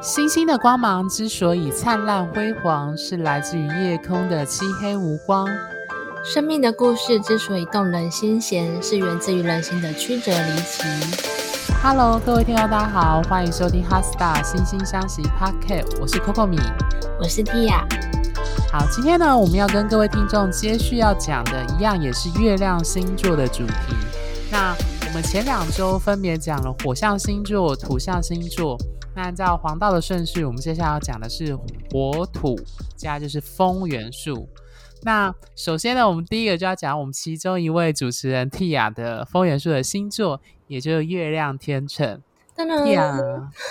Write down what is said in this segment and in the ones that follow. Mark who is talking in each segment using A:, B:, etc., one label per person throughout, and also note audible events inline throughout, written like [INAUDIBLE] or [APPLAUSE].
A: 星星的光芒之所以燦
B: 爛輝煌，是來自於夜空的漆黑無光。生命的故事之所以動人心弦，是源自於人心的曲折離奇。Hello，各位聽眾，大家好，歡迎收聽《HeartStar 心星相惜》Podcast，我是 Coco 米，
A: 我是 Tia。好，今天呢，我們要跟各位聽眾接續要講的一樣，也是月亮星座的主題。那我們前兩週分別講了火象星座、土象星座。那按照黃道的順序，我們接下來要講的是火土，加就是風元素。那首先呢，我們第一個就要講我們其中一位主持人蒂亞的風元素的星座，也就是月亮天秤。
B: 蒂亞，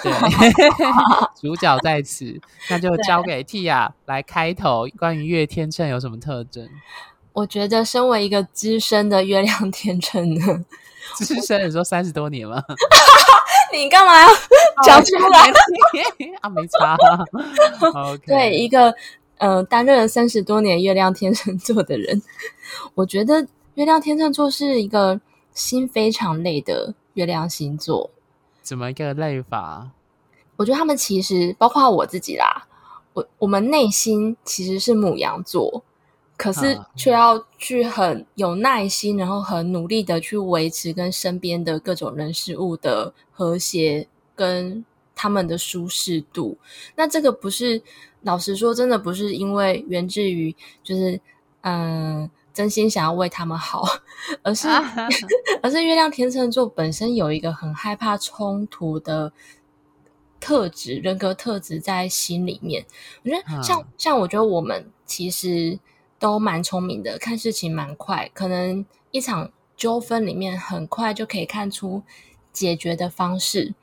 A: 對， [LAUGHS] [LAUGHS] 主角在此，那就交給蒂亞來開頭。關於月天秤有什麼特徵？
B: 我覺得，身為一個資深的月亮天秤。
A: 只是生你說三十多年
B: 了， [LAUGHS] 你幹嘛要講出來？
A: [LAUGHS] 啊，沒差、啊 okay。
B: 對一個呃，擔任了三十多年月亮天秤座的人，我覺得月亮天秤座是一個心非常累的月亮星座。
A: 怎麼一個累法？
B: 我覺得他們其實，包括我自己啦，我我們內心其實是牡羊座。可是，卻要去很有耐心、啊，然後很努力的去維持跟身邊的各種人事物的和諧，跟他們的舒適度。那這個不是，老實說，真的不是因為源自於，就是嗯，真心想要為他們好，而是、啊、 [LAUGHS] 而是月亮天秤座本身有一個很害怕衝突的特質，人格特質在心裡面。我覺得像，像、啊、像我覺得我們其實。都蠻聰明的，看事情蠻快，可能一場糾紛裡面很快就可以看出解決的方式，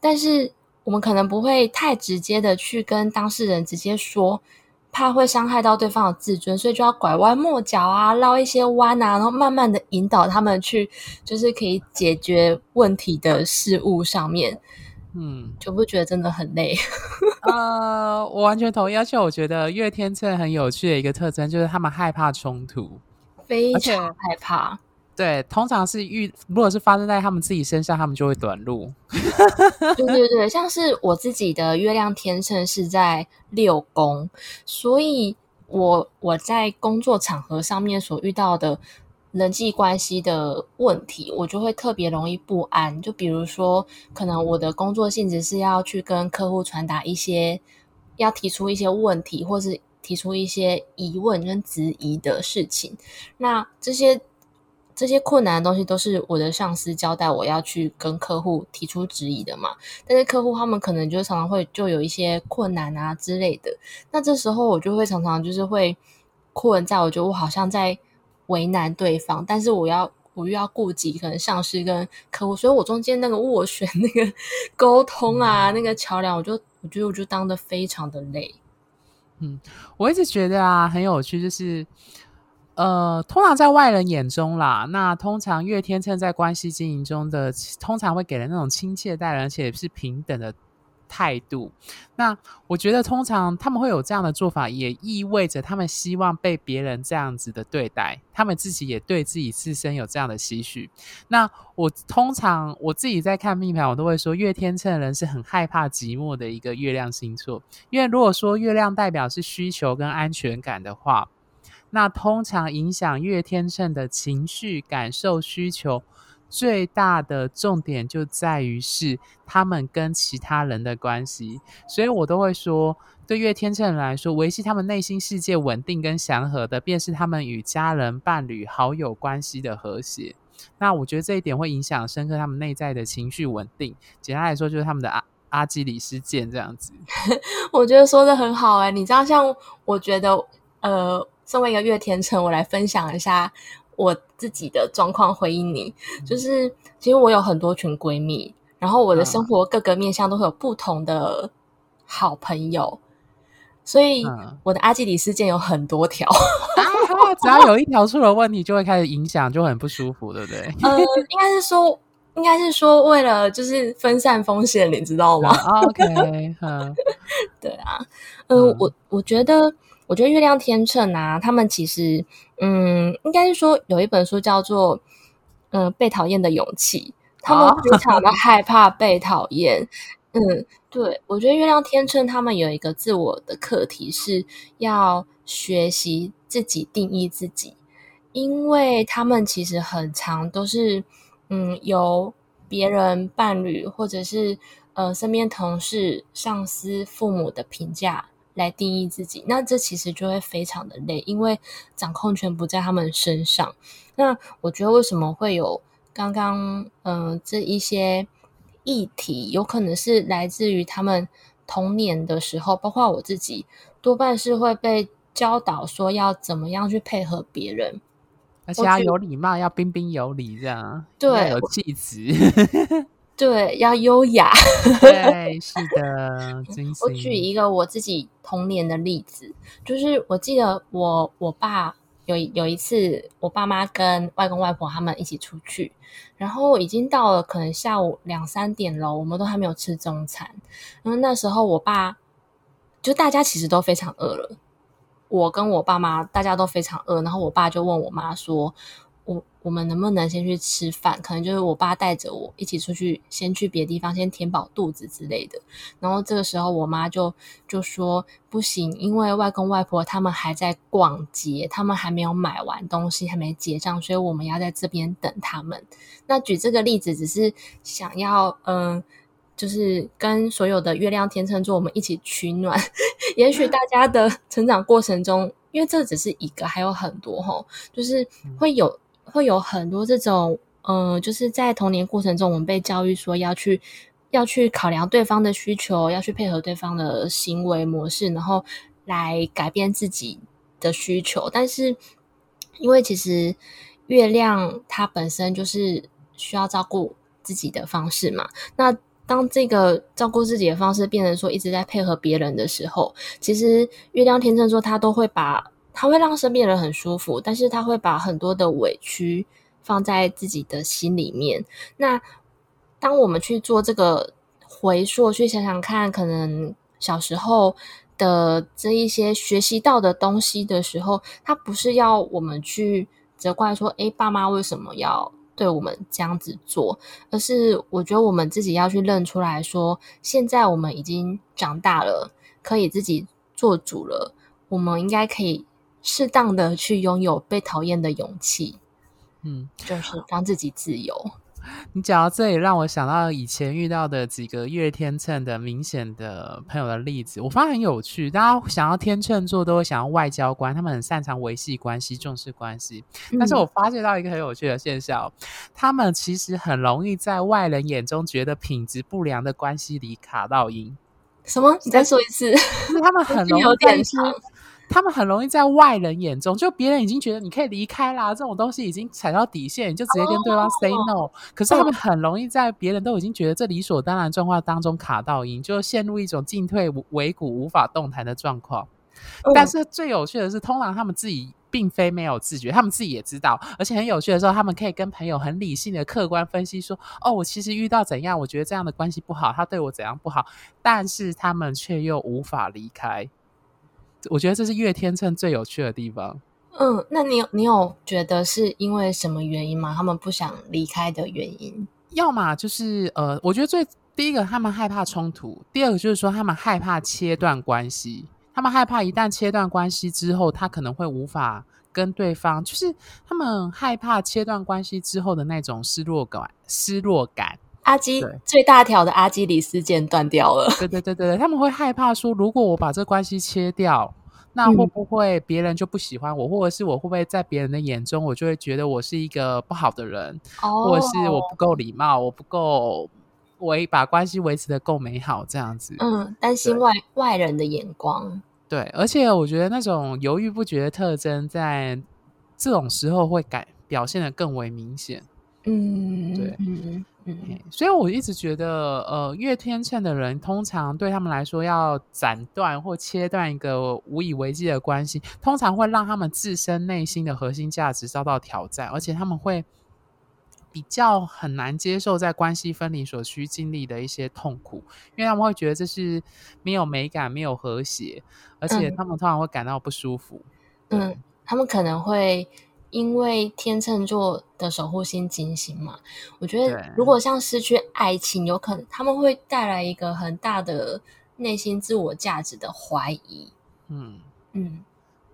B: 但是我們可能不會太直接的去跟當事人直接說，怕會傷害到對方的自尊，所以就要拐彎抹角啊，繞一些彎啊，然後慢慢的引導他們去，就是可以解決問題的事物上面。嗯，就不覺得真的很累，嗯。
A: [LAUGHS] 呃，我完全同意，而且我覺得月天秤很有趣的一個特徵就是他們害怕衝突，
B: 非常害怕。
A: 對，通常是遇，如果是發生在他們自己身上，他們就會短路。
B: [LAUGHS] 對對對，像是我自己的月亮天秤是在六宮，所以我我在工作場合上面所遇到的。人際關係的問題，我就會特別容易不安。就比如說，可能我的工作性質是要去跟客戶傳達一些，要提出一些問題，或是提出一些疑問跟質疑的事情。那這些這些困難的東西，都是我的上司交代我要去跟客戶提出質疑的嘛。但是客戶他們可能就常常會就有一些困難啊之類的。那這時候我就會常常就是會困在，我覺得我好像在。為難對方，但是我要，我又要顧及可能上司跟客戶，所以我中間那個斡旋、那個溝通啊，嗯啊，那個橋樑，我就我覺得我就當得非常的累。嗯，
A: 我一直覺得啊，很有趣，就是，呃，通常在外人眼中啦，那通常月天秤在關係經營中的，通常會給人那種親切待人，而且是平等的。態度，那我覺得通常他們會有這樣的做法，也意味着他們希望被別人這樣子的對待，他們自己也對自己自身有這樣的期許。那我通常我自己在看命盤，我都會說，月天秤的人是很害怕寂寞的一個月亮星座，因為如果說月亮代表是需求跟安全感的話，那通常影響月天秤的情緒感受需求。最大的重點就在於是他們跟其他人的關係，所以我都會說，對月天秤來說，維繫他們內心世界穩定跟祥和的，便是他們與家人、伴侶、好友關係的和諧。那我覺得這一點會影響深刻他們內在的情緒穩定。簡單來說，就是他們的阿阿基里斯腱這樣子。
B: [LAUGHS] 我覺得說的很好哎、欸，你知道，像我覺得，呃，身為一個月天秤，我來分享一下。我自己的狀況回應你，就是、嗯、其實我有很多群閨蜜，然後我的生活各個面向都會有不同的好朋友、嗯嗯，所以我的阿基里斯腱有很多條、啊， [LAUGHS] 只要有一條出了問題，就會
A: 開始影響，就很不舒服，對不對？呃、
B: 嗯，應該是說，應該是說，為了就是分散風險，你知道嗎、啊？OK，嗯、 [LAUGHS] 對啊，嗯，嗯我我覺得，我覺得月亮天秤啊，他們其實。嗯，應該是說有一本書叫做《嗯、呃、被討厭的勇氣》oh.，他們非常的害怕被討厭。 [LAUGHS] 嗯，對，我覺得月亮天秤他們有一個自我的課題是要學習自己定義自己，因為他們其實很常都是嗯由別人、伴侶或者是呃身邊同事、上司、父母的評價。來定義自己，那這其實就會非常的累，因為掌控權不在他們身上。那我覺得為什麼會有剛剛嗯、呃、這一些議題，有可能是來自於他們童年的時候，包括我自己，多半是會被教導說要怎麼樣去配合別人，而且要有
A: 禮貌，要彬彬有禮這樣，對，要有氣質。 [LAUGHS]
B: 對，要優雅。 [LAUGHS] 對，是的真，我舉一個我自己童年的例子，就是我記得我我爸有有一次，我爸媽跟外公外婆他們一起出去，然後已經到了可能下午兩三點了，我們都還沒有吃中餐。因為那時候我爸就大家其實都非常餓了，我跟我爸媽大家都非常餓，然後我爸就問我媽說，我們能不能先去吃飯？可能就是我爸帶着我一起出去，先去別的地方，先填飽肚子之類的。然後這個時候我，我媽就就說不行，因為外公外婆他們還在逛街，他們還沒有買完東西，還沒結賬，所以我們要在這邊等他們。那舉這個例子，只是想要嗯、呃，就是跟所有的月亮天秤座我們一起取暖。 [LAUGHS] 也許大家的成長過程中，因為這只是一個，還有很多就是會有。嗯會有很多這種，嗯、呃，就是在童年過程中，我們被教育說要去要去考量對方的需求，要去配合對方的行為模式，然後來改變自己的需求。但是，因為其實月亮它本身就是需要照顧自己的方式嘛。那當這個照顧自己的方式變成說一直在配合別人的時候，其實月亮天秤座它都會把。他會讓身邊的人很舒服，但是他會把很多的委屈放在自己的心裡面。那當我們去做這個回溯，去想想看，可能小時候的這一些學習到的東西的時候，他不是要我們去責怪說：“誒，爸媽為什麼要對我們這樣子做？”而是我覺得我們自己要去認出來說：“現在我們已經長大了，可以自己做主了，我們應該可以。”適當的去擁有被討厭的勇氣，嗯，就是讓自己自由。你講到這裡，讓我想到以前遇
A: 到的幾個月天秤的明顯的朋友的例子，我發現很有趣。大家想要天秤座，都會想要外交官，他們很擅長維繫關係、重視關係、嗯。但是我發現到一個很有趣的現象，他們其實很容易在外人眼中覺得品質不良的關係裡卡到陰。
B: 什麼？你再說一次？ [LAUGHS] [LAUGHS] 他們很容易。 [LAUGHS]
A: 他們很容易在外人眼中，就別人已經覺得你可以離開啦。這種東西已經踩到底線，你就直接跟對方 say no。Oh, oh, oh, oh. 可是他們很容易在別人都已經覺得這理所當然狀況當中卡到陰，就陷入一種進退維谷、無法動彈的狀況。Oh, oh. 但是最有趣的是，通常他們自己並非沒有自覺，他們自己也知道。而且很有趣的時候，他們可以跟朋友很理性的客觀分析說：“哦，我其實遇到怎樣，我覺得這樣的關係不好，他對我怎樣不好。”但是他們卻又無法離開。我覺得這是月天秤最有趣的地方。
B: 嗯，那你你有覺得是因為什麼原因嗎？他們不想離開的原因？
A: 要麼就是呃，我覺得最第一個他們害怕衝突，第二個就是說他們害怕切斷關係，他們害怕一旦切斷關係之後，他可能會無法跟對方，就是他們害怕切斷關係之後的那種失落感，失落感。
B: 阿基最大
A: 條的阿基里斯腱斷掉了。對對對對，對 [LAUGHS] 他們會害怕說，如果我把這關係切掉，那會不會別人就不喜歡我？嗯，或者是我會不會在別人的眼中，我就會覺得我是一個不好的人，哦，或者是我不夠禮貌，我不夠我把關係維持得夠美好，這樣子。嗯，
B: 擔心外外人的眼光。
A: 對，而且我覺得那種猶豫不決的特徵，在這種時候會改表現得更為明顯。嗯，對嗯嗯，所以我一直覺得，呃，月天秤的人通常對他們來說，要斬斷或切斷一個無以為繼的關係，通常會讓他們自身內心的核心價值遭到挑戰，而且他們會比較很難接受在關係分離所需經歷的一些痛苦，因為他們會覺得這是沒有美感、沒有和諧，而且他們通常會感到不舒服。嗯，
B: 嗯嗯他們可能會。因為天秤座的守護星金星嘛，我覺得如果像失去愛情，有可能他們會帶來一個很大的內心自我價值的懷疑。嗯嗯，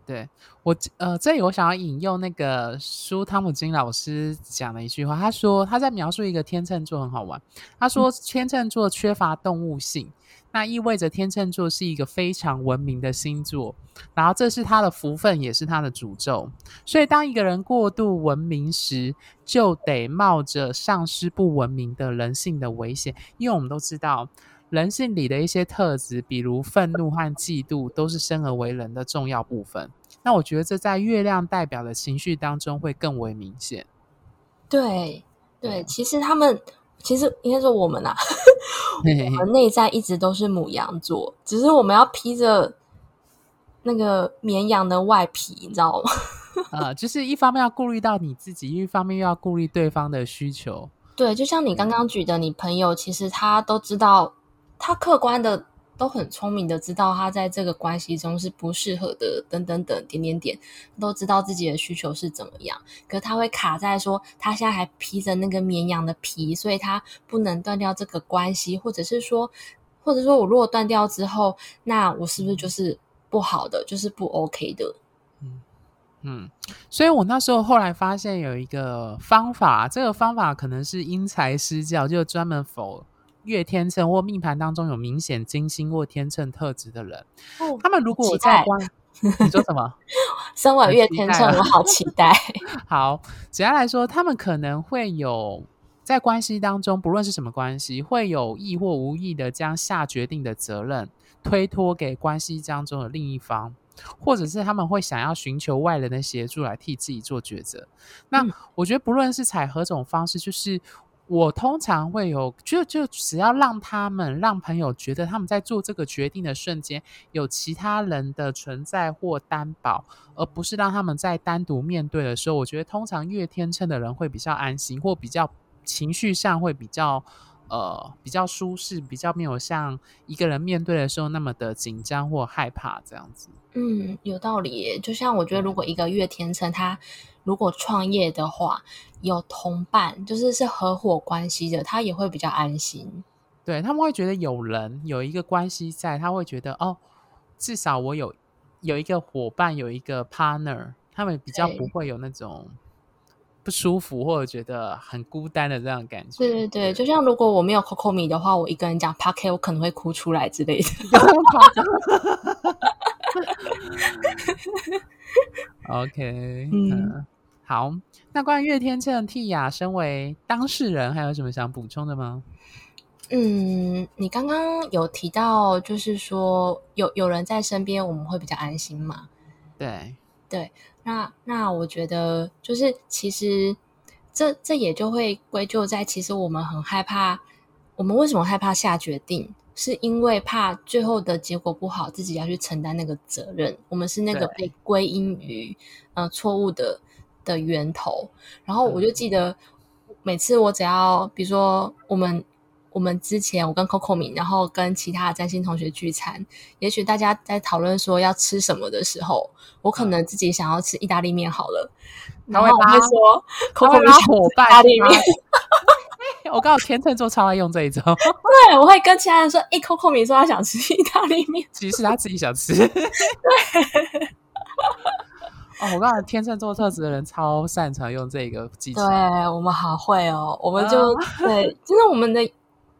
A: 對我呃，這裡我想要引用那個蘇湯姆金老師講的一句話，他說他在描述一個天秤座很好玩，他說天秤座缺乏動物性。嗯嗯那意味着天秤座是一個非常文明的星座，然後這是他的福分，也是他的詛咒。所以，當一個人過度文明時，就得冒着喪失不文明的人性的危險。因為我們都知道，人性裡的一些特質，比如憤怒和嫉妒，都是生而為人的重要部分。那我覺得，這在月亮代表的情緒當中會更為明
B: 顯。對，對，其實他們，其實應該說我們啊。 [LAUGHS] 我們內在一直都是牡羊座，只是我們要披着那個綿羊的外皮，你知道嗎？
A: 啊、 [LAUGHS] 呃，就
B: 是一方面要顧慮到你自
A: 己，一方面又要顧慮對方的需求。
B: 對，就像你剛剛舉的，你朋友、嗯、其實他都知道，他客觀的。都很聰明的知道他在這個關係中是不適合的，等等等，等點點點都知道自己的需求是怎麼樣，可是他會卡在說，他現在還披着那個綿羊的皮，所以他不能斷掉這個關係，或者是說，或者說，我如果斷掉之後，那我是不是就是不好的，就是不 OK 的？嗯嗯，所以我那時候後來發現有
A: 一個方法，這個方法可能是因材施教，就專門 for 月天秤或命盤當中有明顯金星或天秤特質的人，哦，他們如果在你說什麼 [LAUGHS] 生完月天秤，我好期待。 [LAUGHS] 好，簡單來說，他們可能會有在關係當中，不論是什麼關係，會有意或無意的將下決定的責任推脫給關係當中的另一方，或者是他們會想要尋求外人的協助來替自己做抉擇，嗯。那我覺得，不論是採何種方式，就是。我通常會有，就就只要讓他們讓朋友覺得他們在做這個決定的瞬間有其他人的存在或擔保，而不是讓他們在單獨面對的時候。我覺得通常月天秤的人會比較安心，或比較情緒上會比較呃比較舒適，比較沒有像一個人面對的時候那麼的緊張或害怕這樣子。
B: 嗯，有道理。就像我覺得，如果一個月天秤他。嗯如果創業的話，有同伴，就是是合夥關係的，他也會比較安心。
A: 對，他們會覺得有人有一個關係在，他會覺得哦，至少我有有一個夥伴，有一個 partner，他們比較不會有那種不舒服或者覺得很孤單的這樣的感覺。對
B: 對對，就像如果我沒有 Coco 米的話，我一個人講 park，我可能會哭出來之類的。 [LAUGHS] [LAUGHS] [LAUGHS] [LAUGHS] OK，嗯。
A: 嗯好，那關於月天秤替雅，身為當事人，還有什麼想補充的嗎？嗯，
B: 你剛剛有提到，就是說有有人在身邊，我們會比較安心嘛？對，對。那那我覺得，就是其實這這也就會歸咎在，其實我們很害怕，我們為什麼害怕下決定，是因為怕最後的結果不好，自己要去承擔那個責任，我們是那個被歸因於呃錯誤的。的源頭，然後我就記得每次我只要，比如說我們我們之前我跟 Coco 米，然後跟其他的占星同學聚餐，也許大家在討論說要吃什麼的時候，我可能自己想要吃意大利麵好
A: 了，嗯、然後我會說 Coco 米我意大利麵。 [LAUGHS] [LAUGHS] 我剛好天秤座超愛用這一招， [LAUGHS]
B: 對我會跟其他人說，欸 Coco 米說他想吃意大利麵， [LAUGHS] 其實是他自己想吃。 [LAUGHS]
A: 對。 [LAUGHS] 哦、我告訴你，天秤座特質的人超擅長用這個技巧，對
B: 我們好會哦、喔，我們就、啊、對，真的我們的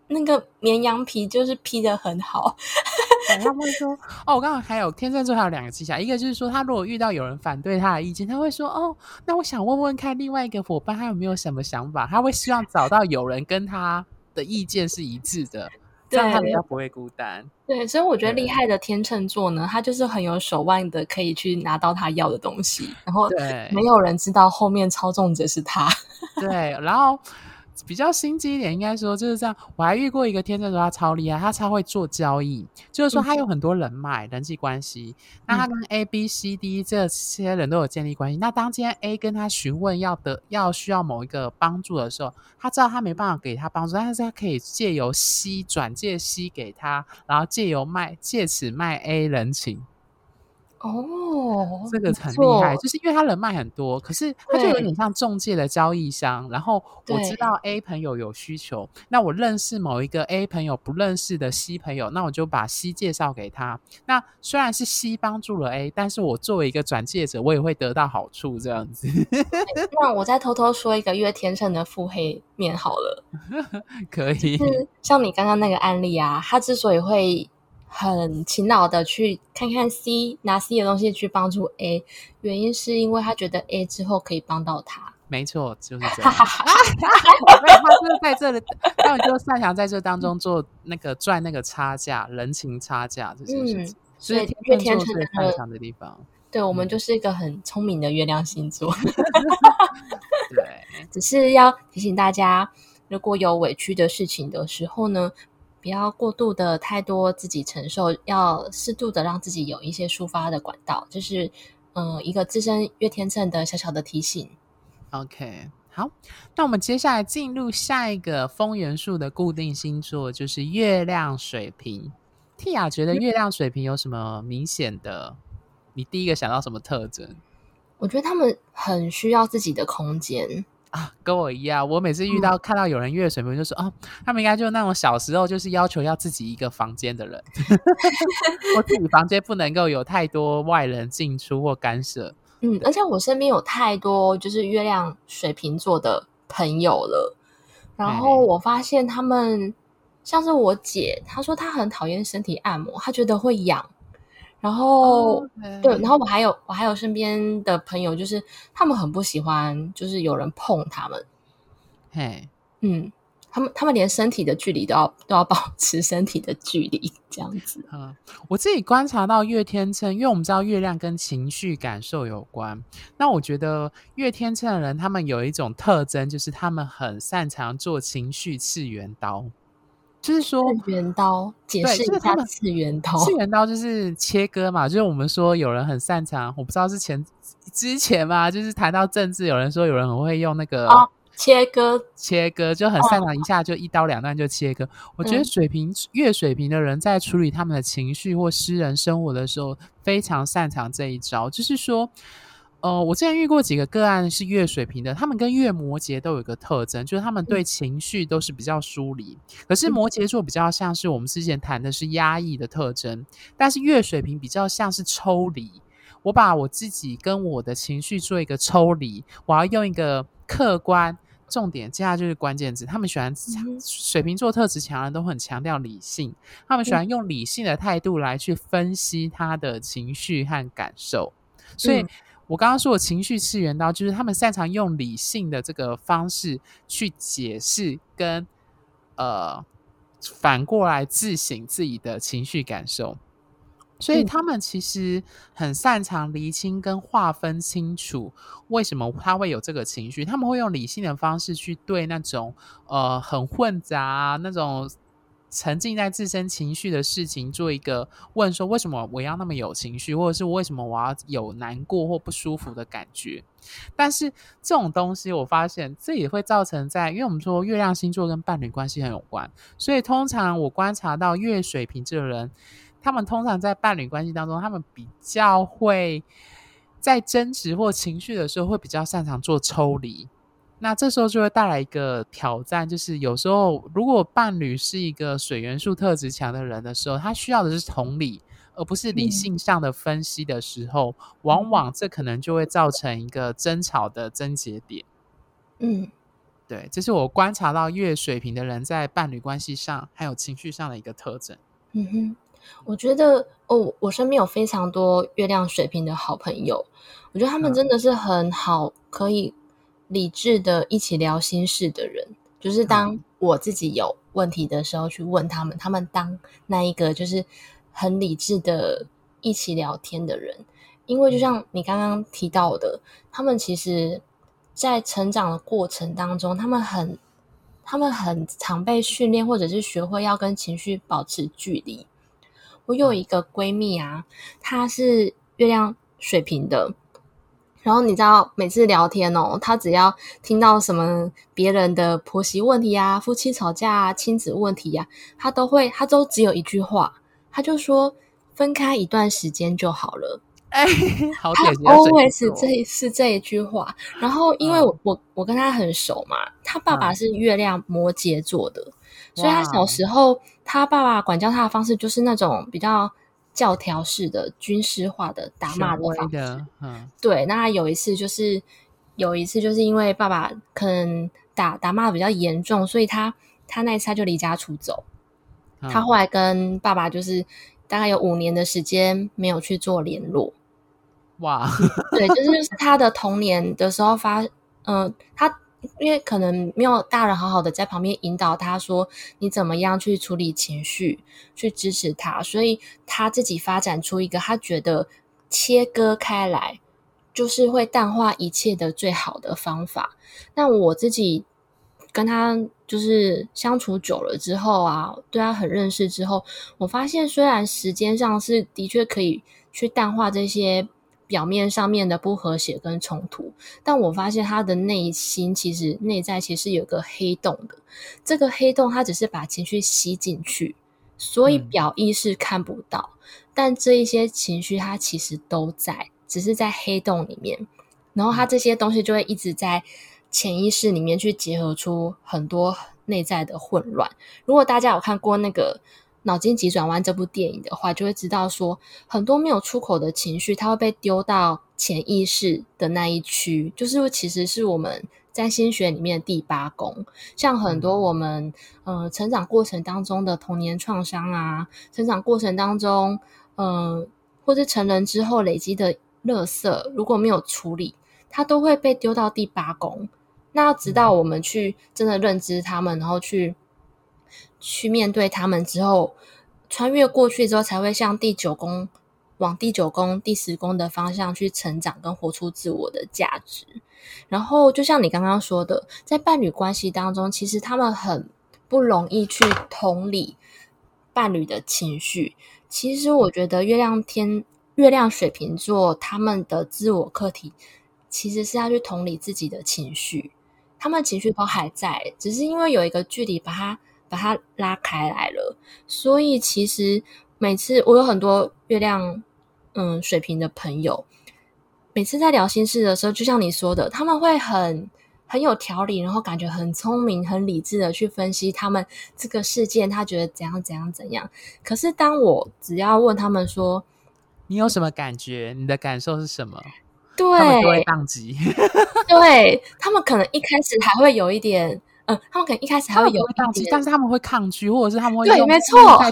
B: 那個綿羊皮就是披得很好。 [LAUGHS] 他們會說哦，我剛剛還有天秤座還有
A: 兩個技巧，一個就是說他如果遇到有人反對他的意見，他會說哦，那我想問問看另外一個夥伴，他有沒有什麼想法，他會希望找到有人跟他的意見是一致
B: 的。這樣他比較不會孤單，對。對，所以我覺得厲害的天秤座呢，他就是很有手腕的，可以去拿到他要的東西，然後對，沒有人知道後面操縱者是他。
A: 對， [LAUGHS] 對，然後。比較心機一點，應該說就是這樣。我還遇過一個天秤座，他超厲害，他超會做交易。就是說，他有很多人脈、嗯、人際關係。那他跟 A、B、C、D 這些人都有建立關係、嗯。那當今天 A 跟他詢問要的要需要某一個幫助的時候，他知道他沒辦法給他幫助，但是他可以借由 C 轉借 C 給他，然後借由賣借此賣 A 人情。
B: 哦，這個很厲害。就
A: 是因為他人脈很多，可是他就有點像中介的交易商。然後我知道 A 朋友有需求，那我認識某一個 A 朋友不認識的 C 朋友，那我就把 C 介紹給他。那雖然是 C 幫助了 A，但是我作為一個轉介者，我也會得到好處，這樣
B: 子。那我再偷偷說一個月天秤的腹黑面好了，
A: 可以。就是、
B: 像你剛剛那個案例啊，他之所以會。很勤勞的去看看 C，拿 C 的東西去幫助 A，原因是因為他覺得 A 之後可以幫到他。
A: 沒錯，就是
B: 這樣。所 [LAUGHS] 以 [LAUGHS] [LAUGHS] 他就是在這裡，那我就擅長在這當中做
A: 那個賺那個差價、嗯、人情差價這些
B: 事情。所以天秤最擅長的地方，對我們就是一個很聰明的月亮星座。 [LAUGHS] [LAUGHS] 對，只是要提醒大家，如果有委屈的事情的時候呢。不要過度的太多自己承受，要適度的讓自己有一些抒發的管道，就是，嗯、呃，一個自身月天秤的小小的提醒。
A: OK，好，那我們接下來進入下一個風元素的固定星座，就是月亮水瓶。Tia 覺得月亮水瓶有什麼明顯的、嗯？
B: 你第一個想到什麼特徵？我覺得他們很需要自己的空間。
A: 啊，跟我一樣，我每次遇到、嗯、看到有人月水瓶，就說啊、哦，他們應該就是那種小時候就是要求要自己一個房間的人， [LAUGHS] 我自己房間不能夠有太多外人進出或干涉。
B: 嗯，而且我身邊有太多就是月亮水瓶座的朋友了，然後我發現他們、哎、像是我姐，她說她很討厭身體按摩，她覺得會癢。然後、oh, okay. 對，然後我還有我還有身邊的朋友，就是他們很不喜歡，就是有人碰他們。嘿、hey. 嗯，他們他們連身體的距離都要都要保持身體的距離，這樣子。嗯，我自己觀察到月天秤，因為我們知
A: 道月亮跟情緒感受有關。那我覺得月天秤的人，他們有一種特徵，就是他們很擅長做情緒次元刀。就是說，
B: 次元刀解釋一下，次元刀，次、就是、元
A: 刀就是切割嘛。就是我們說有人很擅長，我不知道是前之前嘛，就是談到政治，有人說有人很會用那個、哦、切,
B: 切割，
A: 切割就很擅長，一下就一刀兩斷就切割、哦。我覺得水瓶、月水瓶的人，在處理他們的情緒或私人生活的時候，非常擅長這一招。就是說。呃，我之前遇過幾個個案是月水瓶的，他們跟月摩羯都有一個特徵，就是他們對情緒都是比較疏離、嗯。可是摩羯座比較像是我們之前談的是壓抑的特徵，但是月水瓶比較像是抽離。我把我自己跟我的情緒做一個抽離，我要用一個客觀重點，接下來就是關鍵詞。他們喜歡、嗯、水瓶座特質強的人都很強調理性，他們喜歡用理性的態度來去分析他的情緒和感受，嗯、所以。嗯我剛剛說我情緒次元刀，就是他們擅長用理性的這個方式去解釋跟呃反過來自省自己的情緒感受，所以他們其實很擅長釐清跟劃分清楚為什麼他會有這個情緒，他們會用理性的方式去對那種呃很混雜那種。沉浸在自身情緒的事情，做一個問說：為什麼我要那麼有情緒，或者是為什麼我要有難過或不舒服的感覺？但是這種東西，我發現這也會造成在，因為我們說月亮星座跟伴侶關係很有關，所以通常我觀察到月水瓶這個人，他們通常在伴侶關係當中，他們比較會在爭執或情緒的時候，會比較擅長做抽離。那這時候就會帶來一個挑戰，就是有時候如果伴侶是一個水元素特質強的人的時候，他需要的是同理，而不是理性上的分析的時候，嗯、往往這可能就會造成一個爭吵的症結點。嗯，對，這是我觀察到月水瓶的人在伴侶關係上還有情緒上的一個特徵。
B: 嗯哼，我覺得哦，我身邊有非常多月亮水瓶的好朋友，我覺得他們真的是很好，可以、嗯。理智的一起聊心事的人，就是當我自己有問題的時候去問他們，嗯，他們當那一個就是很理智的一起聊天的人。因為就像你剛剛提到的，嗯，他們其實在成長的過程當中，他們很、他們很常被訓練或者是學會要跟情緒保持距離。我有一個閨蜜啊，她是月亮水瓶的。然後你知道每次聊天哦，他只要聽到什麼別人的婆媳問題啊、夫妻吵架、啊，親子問題呀、啊，他都會他都只有一句話，他就說分開一段時間就好
A: 了。哎， [LAUGHS] 他 always 這
B: 是這一句話。然後因為我、oh. 我我跟他很熟嘛，他爸爸是月亮摩羯座的，oh.
A: 所以他小時
B: 候、oh. 他爸爸管教他的方式就是那種比較。教條式的、軍事化的打罵的方式，嗯嗯、對。那有一次就是、嗯、有一次就是因為爸爸可能打打罵比較嚴重，所以他他那一次他就離家出走、嗯。他後來跟爸爸就是大概有五年的時間沒有去做聯絡。哇，對，就是就是他的童年的時候發，嗯、呃，他。因為可能沒有大人好好的在旁邊引導他，說你怎麼樣去處理情緒，去支持他，所以他自己發展出一個他覺得切割開來就是會淡化一切的最好的方法。那我自己跟他就是相處久了之後啊，對他很認識之後，我發現雖然時間上是的確可以去淡化這些。表面上面的不和諧跟衝突，但我發現他的內心其實內在其實有個黑洞的，這個黑洞它只是把情緒吸進去，所以表意識看不到，嗯，但這一些情緒它其實都在，只是在黑洞裡面，然後他這些東西就會一直在潛意識裡面去結合出很多內在的混亂。如果大家有看過那個。腦筋急轉彎這部電影的話，就會知道說很多沒有出口的情緒，它會被丟到潛意識的那一區，就是其實是我們在占星學裡面的第八宮。像很多我們呃成長過程當中的童年創傷啊，成長過程當中呃或是成人之後累積的垃圾，如果沒有處理，它都會被丟到第八宮。那直到我們去真的認知他們，然後去。去面對他們之後，穿越過去之後，才會向第九宮往第九宮、第十宮的方向去成長跟活出自我的價值。然後，就像你剛剛說的，在伴侶關係當中，其實他們很不容易去同理伴侶的情緒。其實，我覺得月亮天、月亮水瓶座他們的自我課題，其實是要去同理自己的情緒。他們的情緒都還在，只是因為有一個距離把他。把它拉開來了，所以其實每次我有很多月亮嗯水瓶的朋友，每次在聊心事的時候，就像你說的，他們會很很有條理，然後感覺很聰明、很理智的去分析他們這個事件，他覺得怎樣怎樣怎樣。可是當我只要問他們說：“
A: 你有什麼感覺？你的感受是什麼？”
B: 對，他們都會宕機。 [LAUGHS] 對，他們可能一開始還會有一點。嗯，他們可能一開始還會有抗拒，但是他們會抗拒，或者是他們會故意在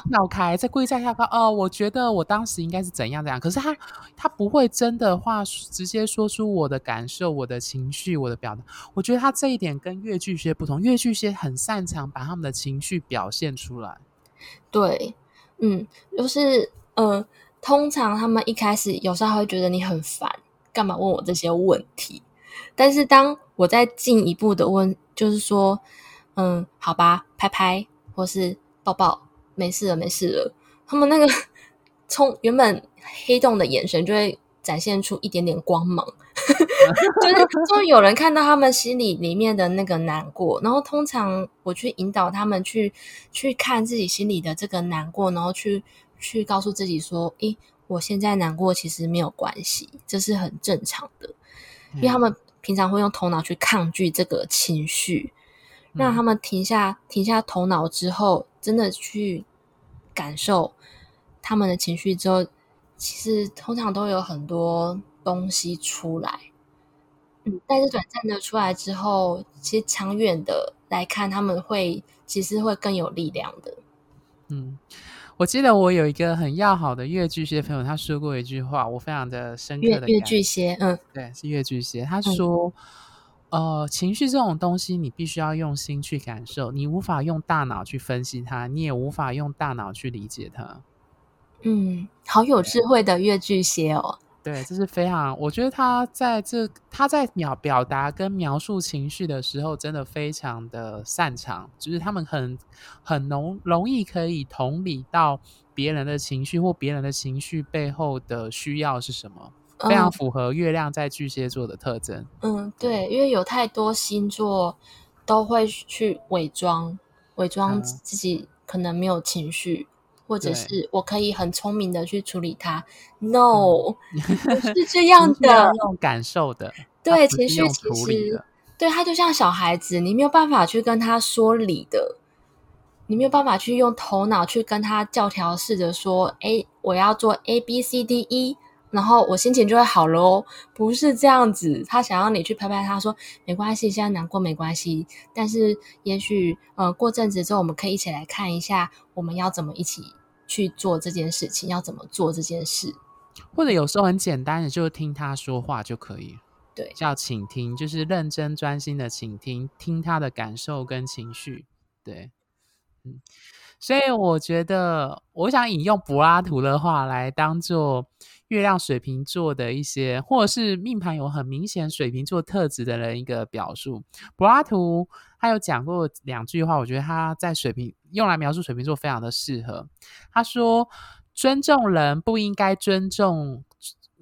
A: 跳開，在故意在跳開。哦，我覺得我當時應該是怎樣怎樣，可是他他不會真的話直接說出我的感受、我的情緒、我的表達。我覺得他這一點跟月巨蟹有些不同，月巨蟹很擅長把他們的情緒表現出來。
B: 對，嗯，就是嗯、呃，通常他們一開始有時候會覺得你很煩，幹嘛問我這些問題？但是當我再進一步的問，就是說，嗯，好吧，拍拍或是抱抱，沒事了，沒事了。他們那個從原本黑洞的眼神，就會展現出一點點光芒， [LAUGHS] [LAUGHS] [LAUGHS] [LAUGHS] 就是終於有人看到他們心裡裡面的那個難過。然後，通常我去引導他們去去看自己心裡的這個難過，然後去去告訴自己說，誒，我現在難過，其實沒有關係，這是很正常的，嗯、因為他們。平常會用頭腦去抗拒這個情緒，嗯，讓他們停下停下頭腦之後，真的去感受他們的情緒之後，其實通常都有很多東西出來。嗯，但是短暫的出來之後，其實長遠的來看，他們會其實會更有力量的。嗯。
A: 我記得我有一個很要好的月巨蟹朋友，他說過一句話，我非常的深
B: 刻的感覺。月、月巨蟹，
A: 嗯，對，是月巨蟹。他說，嗯、呃，情緒這種東西，你必須要用心去感受，你無法用大腦去分析它，你也無法用大腦去理解它。嗯，
B: 好有智慧的月巨蟹哦。
A: 對，這是非常，我覺得他
B: 在這，
A: 他在描表達跟描述情緒的時候，真的非常的擅長，就是他們很很容容易可以同理到別人的情緒或別人的情緒背後的需要是什麼，非常符合月亮在巨蟹座的特徵。嗯，嗯，
B: 對，因為有太多星座都會去偽裝，偽裝自己可能沒有情緒。或者是我可以很聰明的去處理他，no，嗯，不是這樣的那種
A: [LAUGHS] 感受的，
B: 對情緒其實對他就像小孩子，你沒有辦法去跟他說理的，你沒有辦法去用頭腦去跟他教條試着說，誒，我要做 A B C D E，然後我心情就會好嘍。不是這樣子，他想要你去拍拍他說沒關係，現在難過沒關係，但是也許嗯、呃、過陣子之後我們可以一起來看一下，我們要怎麼一起。去做這件事情，要怎麼做這件事？
A: 或者有時候很簡單的，就是聽他說話就可以。對，叫傾聽，就是認真專心的傾聽，聽他的感受跟情緒。對，嗯，所以我覺得，我想引用柏拉圖的話來當做月亮水瓶座的一些，或者是命盤有很明顯水瓶座特質的人一個表述。柏拉圖。他有講過兩句話，我覺得他在水瓶用來描述水瓶座非常的適合。他說：“尊重人不應該尊重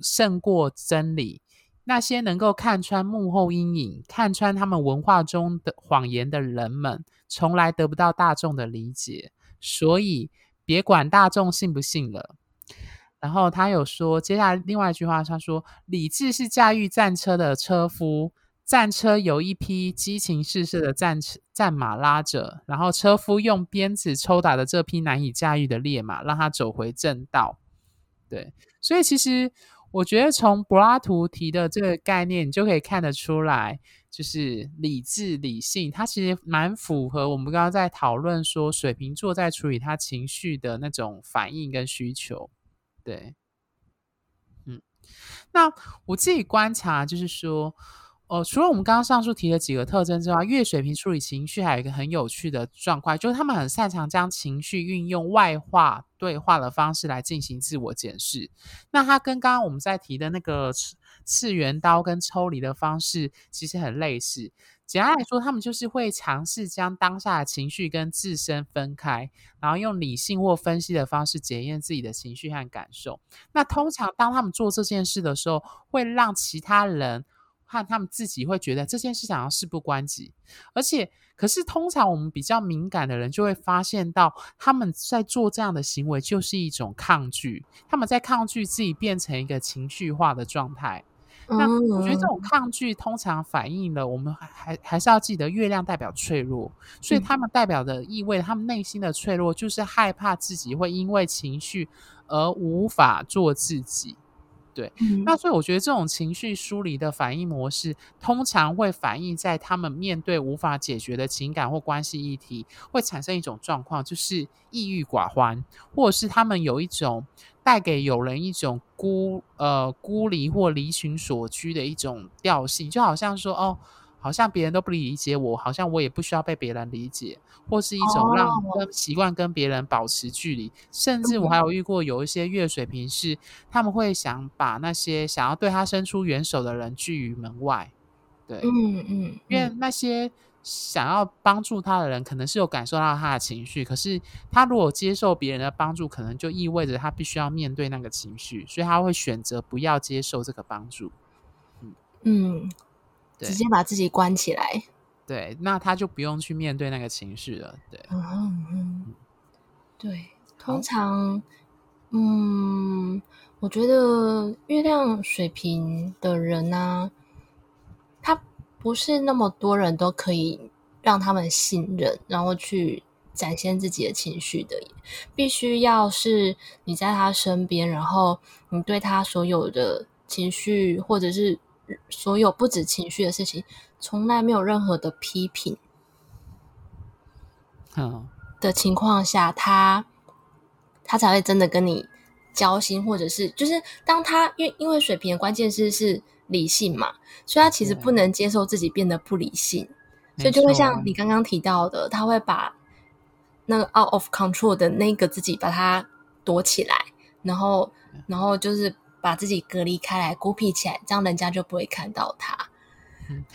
A: 勝過真理。那些能夠看穿幕後陰影、看穿他們文化中的謊言的人們，從來得不到大眾的理解。所以，別管大眾信不信了。”然後他有說，接下來另外一句話，他說：“理智是駕馭戰車的車夫。”戰車由一匹激情四射的戰戰馬拉着，然後車夫用鞭子抽打的這匹難以駕馭的烈馬，讓他走回正道。對，所以其實我覺得，從柏拉圖提的這個概念，你就可以看得出來，就是理智、理性，它其實蠻符合我們剛剛在討論說，水瓶座在處理他情緒的那種反應跟需求。對，嗯，那我自己觀察就是說。哦、呃，除了我們剛剛上述提的幾個特徵之外，月水瓶處理情緒還有一個很有趣的狀況，就是他們很擅長將情緒運用外化對話的方式來進行自我檢視。那它跟剛剛我們在提的那個次元刀跟抽離的方式其實很類似。簡單來說，他們就是會嘗試將當下的情緒跟自身分開，然後用理性或分析的方式檢驗自己的情緒和感受。那通常當他們做這件事的時候，會讓其他人。怕他們自己會覺得這件事想要事不關己，而且可是通常我們比較敏感的人就會發現到他們在做這樣的行為就是一種抗拒，他們在抗拒自己變成一個情緒化的狀態。
B: 那我覺得這種
A: 抗拒通常反映了我們還還是要記得月亮代表脆弱，所以他們代表的意味，他們內心的脆弱就是害怕自己會因為情緒而無法做自己。對，那所以我覺得這種情緒疏離的反應模式，通常會反映在他們面對無法解決的情感或關係議題，會產生一種狀況，就是抑鬱寡歡，或者是他們有一種帶給有人一種孤呃孤離或離群索居的一種調性，就好像說哦。好像別人都不理解我，好像我也不需要被別人理解，或是一種讓跟習慣跟別人保持距離。Oh. 甚至我還有遇過有一些月水瓶，是他們會想把那些想要對他伸出援手的人拒於門外。對，嗯嗯，因為那些想要幫助他的人，可能是有感受到他的情緒，可是他如果接受別人的幫助，可能就意味着他必須要面對那個情緒，所以他會選擇不要接受這個幫助。嗯嗯。直接把自己
B: 關起來，
A: 對，那他就不用去面對那個情緒了，對。嗯
B: 嗯，對，通常，嗯，我覺得月亮水瓶的人呢、啊，他不是那麼多人都可以讓他們信任，然後去展現自己的情緒的，必須要是你在他身邊，然後你對他所有的情緒或者是。所有不止情緒的事情，從來沒有任何的批評的情況下，他他才會真的跟你交心，或者是就是當他因為因為水瓶的關鍵是是理性嘛，所以他其實不能接受自己變得不理性，yeah. 所以就會像你剛剛提到的，他會把那個 out of control 的那個自己把它躲起來，然後然後就是。把自己隔離開來，孤僻起來，這樣人家就不會看到他。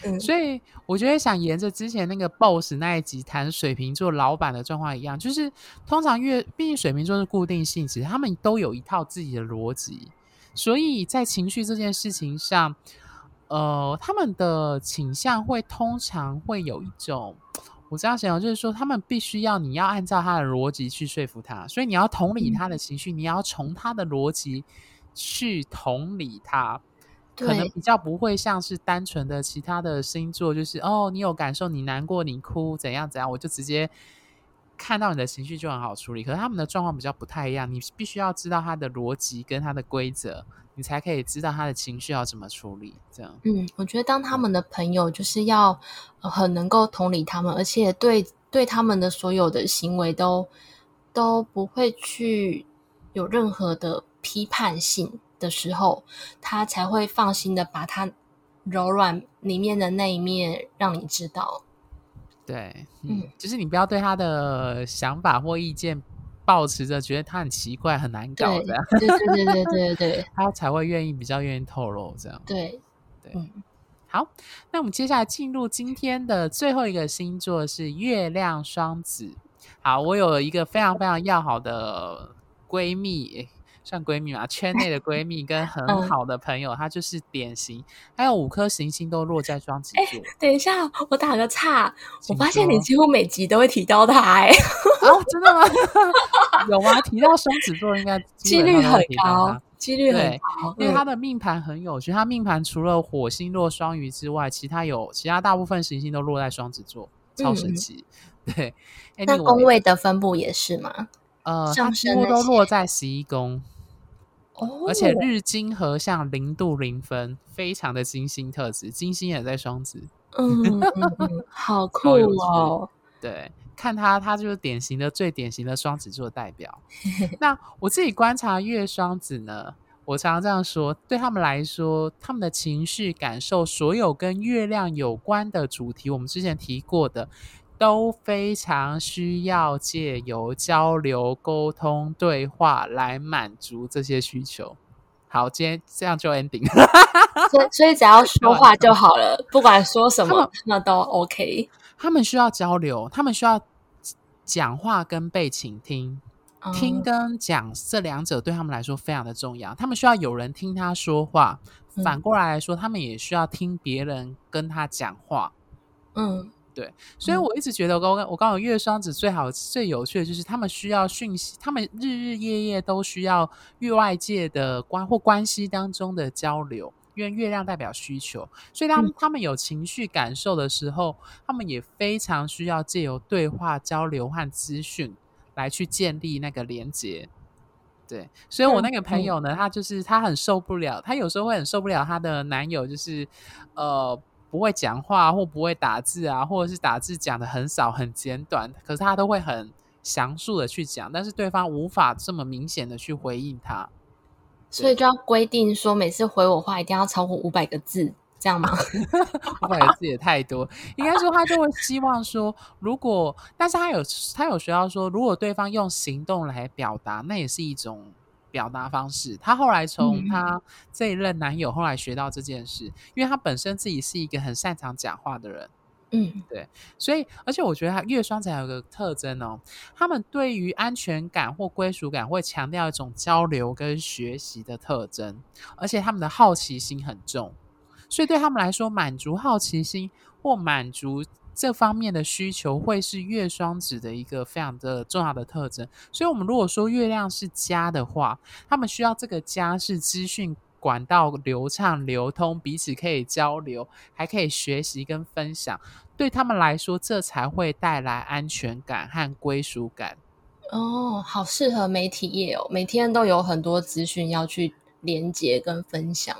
B: 嗯，所以我覺得想沿
A: 着之前那個 boss 那一集談水瓶座老闆的狀況一樣，就是通常越畢竟水瓶座是固定性，其實他們都有一套自己的邏輯，所以在情緒這件事情上，呃，他們的傾向會通常會有一種，我這樣想，就是說，他們必須要你要按照他的邏輯去說服他，所以你要同理他的情緒，嗯，你要從他的邏輯。去同理他，
B: 可能比
A: 較不會像是單純的其他的星座，就是哦，你有感受，你難過，你哭，怎樣怎樣，我就直接看到你的情緒就很好處理。可是他們的狀況比較不太一樣，你必須要知道他的邏輯跟他的規則，你才可以知道他的情緒要怎麼處理。這樣，
B: 嗯，我覺得當他們的朋友就是要很能夠同理他們，而且對對他們的所有的行為都都不會去有任何的。批判性的時候，他才會放心的把他柔軟裡面的那一面讓你知道。
A: 對嗯，嗯，就是你不要對他的想法或意見抱持着，覺得他很奇怪、很難搞的。對對對對對對， [LAUGHS] 他才會願意比較願意透露這樣。對對、嗯，好，那我們接下來進入今天的最後一個星座是月亮雙子。好，我有一個非常非常要好的閨蜜。算閨蜜嘛，圈內的閨蜜跟很好的朋友、 [LAUGHS] 嗯，她就是典型，還有五顆行星都落在雙子座。哎、欸，
B: 等一下，我打個岔，我發現你幾乎每集都會提到她。欸，哎，哦，真的嗎？ [LAUGHS] 有嗎？提到雙子座應該幾率很高，幾率很高、嗯，因為她
A: 的命盤很有趣。她命盤除了火星落雙魚之外，其他有其他大部分行星都落在雙子座，嗯，超神奇。
B: 對，欸、那宮位的分布也是嗎？呃，全部都落
A: 在十一宮。而且日金合相零度零分，非常的金星特質，金星也在雙子
B: [LAUGHS] 嗯，嗯，好酷哦。
A: 對，看他，他就是典型的最典型的雙子座代表。 [LAUGHS] 那我自己觀察月雙子呢，我常常這樣說，對他們來說，他們的情緒感受，所有跟月亮有關的主題，我們之前提過的。都非常需要借由交流、溝通、對話來滿足這些需求。好，今天這樣就 ending。 [LAUGHS] 所以，
B: 所以只要說話就好了，不管說什麼，那都 OK。
A: 他們需要交流，他們需要講話跟被傾聽、嗯，
B: 聽跟
A: 講這兩者對他們來說非常的重要。他們需要有人聽他說話，嗯、反過來，來說，他們也需要聽別人跟他講話。嗯。對，所以我一直覺得我剛我剛好月雙子最好、嗯、最有趣的，就是他們需要訊息，他們日日夜夜都需要與外界的關或關係當中的交流，因為月亮代表需求，所以當他們有情緒感受的時候、嗯，他們也非常需要借由對話、交流和資訊來去建立那個連接。對，所以我那個朋友呢，嗯、他就是他很受不了，他有時候會很受不了他的男友，就是呃。不會講話或不會打字啊，或者是打字講得很少很簡短，可是他都會很詳述地去講，但是對方無法這麼明顯地去回應他，
B: 所以就要規定說每次回我話一定要超過五百個字，這樣嗎？啊，
A: 五百個字也太多，
B: [LAUGHS] 應該說他就
A: 會希望說，如果，但是他有他有學到說，如果對方用行動來表達，那也是一種。表達方式，他後來從他這一任男友後來學到這件事，嗯、因為他本身自己是一個很擅長講話的人，嗯，對，所以而且我覺得他月雙子還有個特徵哦，他們對於安全感或歸屬感會強調一種交流跟學習的特徵，而且他們的好奇心很重，所以對他們來說，滿足好奇心或滿足。這方面的需求會是月雙子的一個非常的重要的特徵，所以，我們如果說月亮是家的話，他們需要這個家是資訊管道流暢、流通，彼此可以交流，還可以學習跟分享，對他們來說，這才會帶來安全感和歸屬感。
B: 哦，好適合媒體業哦，每天都有很多資訊要去連接跟分享。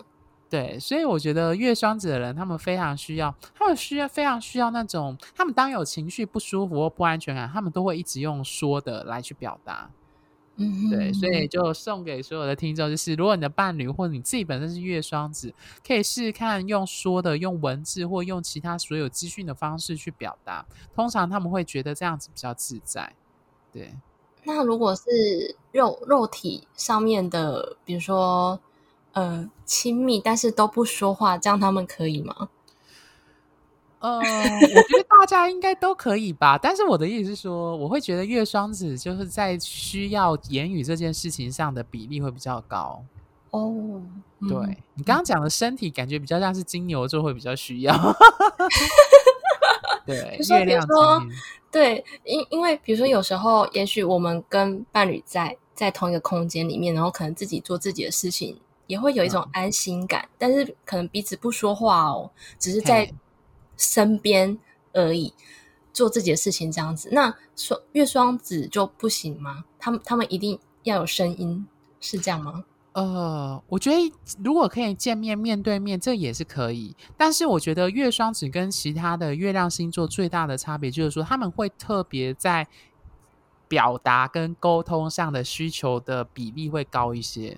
A: 對，所以我覺得月雙子的人，他們非常需要，他們
B: 需要非常需要那
A: 種，他們當有情緒不舒服或不安全感，他們都會一直用說的來去表達。嗯，對，所以就送給所有的聽眾，就是如果你的伴侶或者你自己本身是月雙子，可以試試看用說的、用文字或用其他所有資訊的方式去表達，通常他們會覺得這樣子比較自在。對，
B: 那如果是肉肉體上面的，比如說。呃、嗯，親密但是都不說話，這樣他們可以嗎？ [LAUGHS] 呃，
A: 我覺得大家應該都可以吧。 [LAUGHS] 但是我的意思是說，我會覺得月雙子就是在需要言語這件事情上的比例會比較高。
B: 哦，嗯、
A: 對、嗯、你剛剛講的身體感覺比較像是金牛座會比較需要。 [LAUGHS] [LAUGHS] [LAUGHS] 對，就是比如說，
B: 對，因因為比如說有時候，也許我們跟伴侶在在同一個空間裡面，然後可能自己做自己的事情。也會有一種安心感，嗯，但是可能彼此不說話哦，只是在身邊而已，做自己的事情這樣子。那雙月雙子就不行嗎？他們他們一定要有聲音，是這樣嗎？呃，我覺得如果可以見
A: 面面對面，這也是可以。但是我覺得月雙子跟其他的月亮星座最大的差別，就是說他們會特別在表達跟溝通上的需求的比例會高一些。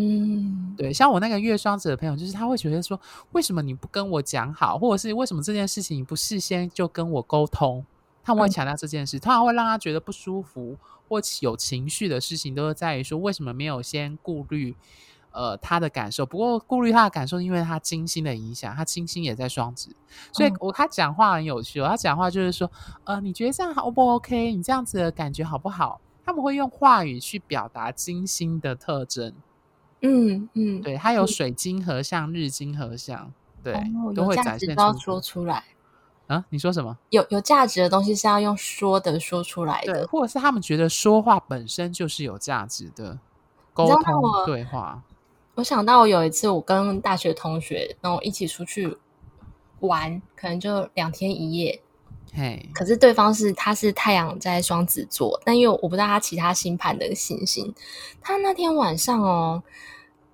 A: 嗯，對，像我那個月雙子的朋友，就是他會覺得說，為什麼你不跟我講好，或者是為什麼這件事情你不事先就跟我溝通？他們會強調這件事，通常、嗯、會讓他覺得不舒服或有情緒的事情，都是在於說為什麼沒有先顧慮呃他的感受。不過顧慮他的感受，因為他金星的影響，他金星也在雙子，所以我、嗯、他講話很有趣。哦。他講話就是說，呃，你覺得這樣好不 OK，你這樣子的感覺好不好？他們會用話語去表達金星的特徵。
B: 嗯嗯，對，它有水
A: 星合相、嗯、日金合相，對，嗯、都會在這邊說出來。啊、嗯，你說什麼？
B: 有有價值的東西是要用說的說出來的，或者是他們覺得說話本身就
A: 是有價值的溝通對話。
B: 我想到有一次，我跟大學同學，然後一起出去玩，可能就兩天一夜。嘿、hey.，可是對方是他是太陽在雙子座，但因為我不知道他其他星盤的行星，星，他那天晚上哦、喔，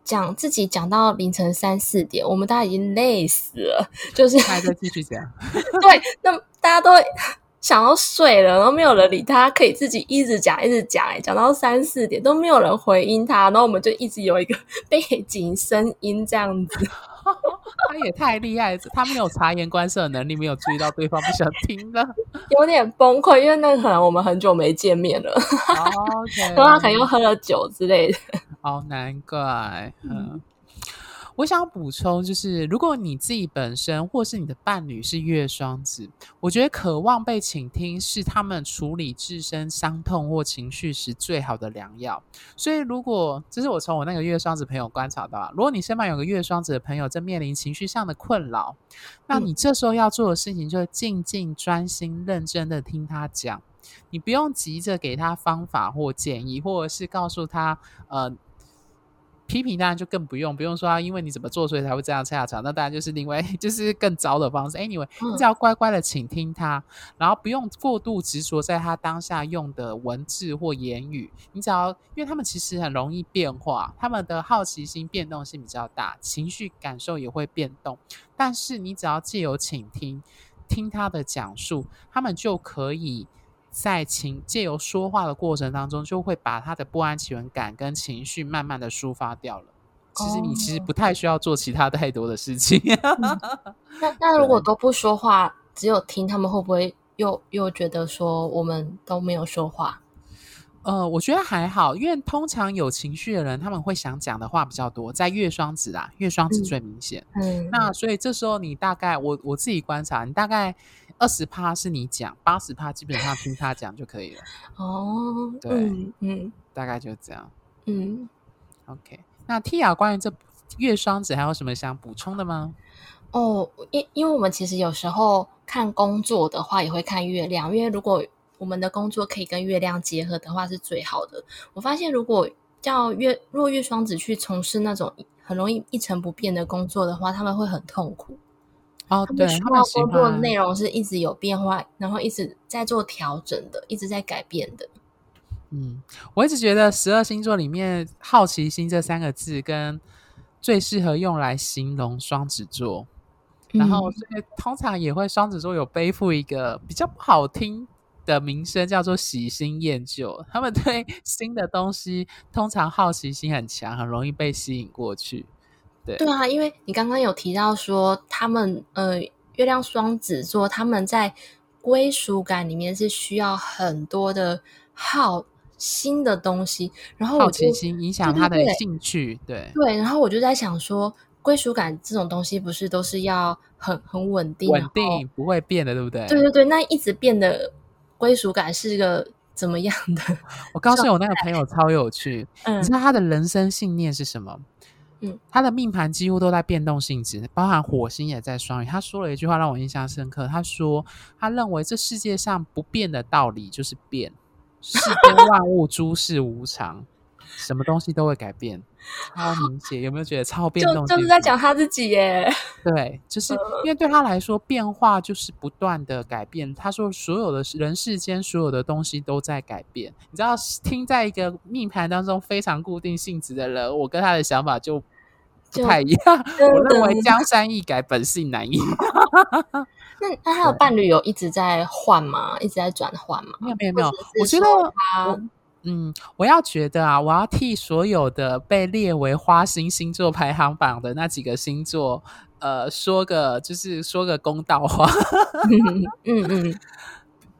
B: 講自己講到凌晨三四點，我們大家已經累死了，就是還在繼續講， [LAUGHS] 對，那大家都想要睡了，然後沒有人理他，可以自己一直講一直講，哎，講到三四點都沒有人回應他，然後我們就一直有一個背景聲音這樣子。 [LAUGHS] 他也太厲害，
A: 他沒有察言觀色的能力， [LAUGHS] 沒有注意到對方不想聽
B: 的，有點崩潰，因為那可能我們很久沒見面了，所、oh, 以、okay. 他可能又喝了酒之類的，
A: 好、oh, 難怪。 [LAUGHS] 嗯。我想補充，就是如果你自己本身或是你的伴侶是月雙子，我覺得渴望被傾聽是他們處理自身傷痛或情緒時最好的良藥。所以，如果這是我從我那個月雙子朋友觀察到，啊，如果你身旁有個月雙子的朋友正面臨情緒上的困擾，那你這時候要做的事情就是靜靜、專心、認真的聽他講，你不用急着給他方法或建議，或者是告訴他，呃。批評當然就更不用，不用說啊，因為你怎麼做，所以才會這樣下場。那當然就是另外，就是更糟的方式。Anyway，你只要乖乖的傾聽他，然後不用過度執着在他當下用的文字或言語。你只要，因為他們其實很容易變化，他們的好奇心變動性比較大，情緒感受也會變動。但是你只要借由傾聽，聽他的講述，他們就可以。在情，借由說話的過程當中，就會把他的不安全感跟情緒慢慢的抒發掉了。
B: 其實你其實
A: 不太需要做其他太多的事情。
B: Oh. [LAUGHS] 嗯。那那如果都不說話，只有聽他們，會不會又又覺得說我們都沒有說話？呃，我覺得還
A: 好，因為通常有情緒的人，他們會想講的話比較多。在月雙子啊，月雙子最明顯。嗯。嗯，那所以這時候你大概我我自己觀察，你大概。二十趴是你講，八十趴基本上聽他講就可以了。 [LAUGHS] 哦，對，
B: 嗯，嗯，
A: 大概就這樣。嗯，OK。那 T 瑤關於這月雙子還有什麼
B: 想補充的嗎？哦，因因為我們其實有時候看工作的話，也會看月亮，因為如果我們的工作可以跟月亮結合的話，是最好的。我發現如果叫月若月雙子去從事那種很容易一成不變的工作的話，他們會很痛苦。哦，對，他們工作內容是一直有變化，然後一直在做調整的，一直在改變的。嗯，我一直覺得
A: 十二星座裡面“好奇心”這三個字，跟最適合用來形容雙子座。嗯。然後，所以通常也會雙子座有背負一個比較不好聽的名聲，叫做“喜新厭舊”。他們對新的東西通常好奇心很強，很容易被吸引過去。對，對
B: 啊，因為你剛剛有提到說他們呃，月亮雙子座他們在歸屬感裡面是需要很多的好新的東西，然後好奇心影響他的興
A: 趣，對對，對，
B: 對，對，對，然後我就在想說，歸屬感這種東西不是都是要很很穩定，穩
A: 定不會變的，對不對？對對
B: 對，那一直變的歸屬感是一個怎麼樣的？我告訴我那
A: 個朋友超有趣，嗯，你知道他的人生信念是什麼？嗯，他的命盤幾乎都在變動性質，包含火星也在雙魚。他說了一句話，讓我印象深刻。他說他認為這世界上不變的道理就是變，世間萬物諸事無常。 [LAUGHS] 什麼東西都會改變，超明顯、啊。有沒有覺得超變動？就、就是在
B: 講他自己耶。
A: 對，就是因為對他來說，變化就是不斷的改變。他說，所有的人世間，所有的東西都在改變。你知道，聽在一個命盤當中非常固定性質的人，我跟他的想法就不太一樣。我認為江山易改，本性難移。
B: 那、嗯、 [LAUGHS] 那他的伴侶有一直在換嗎？一直在轉換嗎？沒有沒有沒有。
A: 我覺得啊。嗯嗯，我要覺得啊，我要替所有的被列為花心星座排行榜的那幾個星座，呃，說個就是說個公道話。 [LAUGHS] [LAUGHS] 嗯嗯，嗯，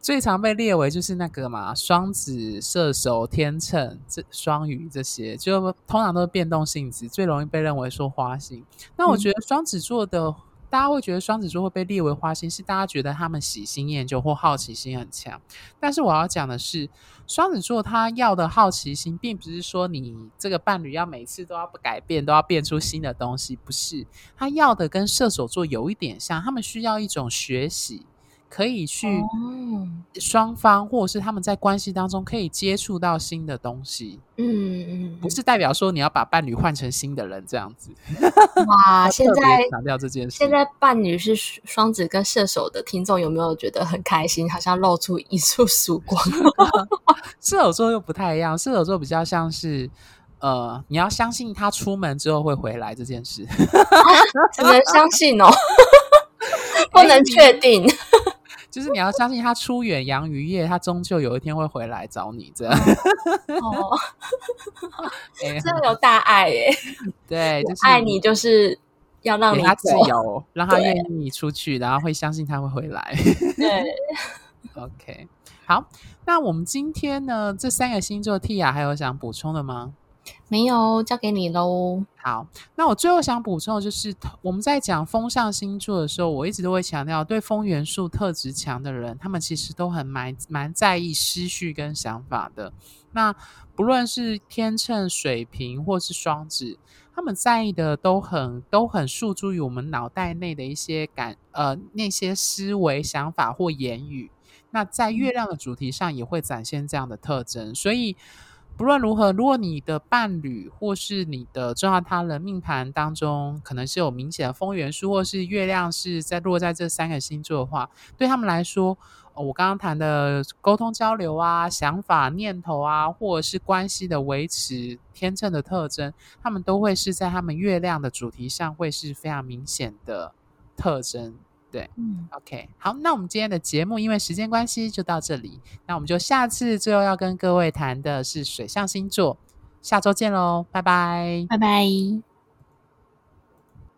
A: 最常被列為就是那個嘛，雙子、射手、天秤、這雙魚這些，就通常都是變動性質，最容易被認為說花心、嗯。那我覺得雙子座的。大家會覺得雙子座會被列為花心，是大家覺得他們喜新厭舊或好奇心很強。但是我要講的是，雙子座他要的好奇心，並不是說你這個伴侶要每次都要不改變，都要變出新的東西，不是。他要的跟射手座有一點像，他們需要一種學習。可以去雙方、哦，或者是他們在關係當中可以接觸到新的東西。嗯
B: 嗯，
A: 不是代表說你要把伴侶換成新的人這樣子。
B: 哇，現在強
A: 調這件事。現
B: 在，現在伴侶是雙子跟射手的聽眾有沒有覺得很開心？好像露出一束曙光。 [LAUGHS] 啊、射手座又不太一樣，射手座比較
A: 像是呃，你要相信他出門之後會回來這件事。
B: 啊、只能相信哦、喔， [LAUGHS] 欸、 [LAUGHS] 不能確定。 [LAUGHS] 就是你要
A: 相信他出遠洋漁業，他終究有一天會回來找你，這
B: 樣、 [LAUGHS] 哦。哦，真的有大愛誒。 [LAUGHS]
A: 對，就是、愛你就
B: 是要讓你他自由，
A: 讓他願意你出去，然後會相信他會回來。 [LAUGHS] 對，OK，好。那我們今天呢？這三個星座，Tia 還有想補充的嗎？沒有交給你嘍。好，那我最後想補充的就是，我們在講風象星座的時候，我一直都會強調，對風元素特質強的人，他們其實都很蠻蠻在意思緒跟想法的。那不論是天秤、水瓶或是雙子，他們在意的都很都很訴諸於我們腦袋內的一些感呃、那些思維、想法或言語。那在月亮的主題上也會展現這樣的特徵，嗯，所以。不論如何，如果你的伴侶或是你的重要他人命盤當中，可能是有明顯的風元素，或是月亮是在落在這三個星座的話，對他們來說，我剛剛談的溝通交流啊、想法念頭啊，或者是關係的維持，天秤的特徵，他們都會是在他們月亮的主題上，會是非常明顯的特徵。對，嗯，OK，好，那我們今天的節目因為時間關係就到這裡，那我們就下次最後要跟各位談的是水象星座，下週見嘍，拜拜，拜拜。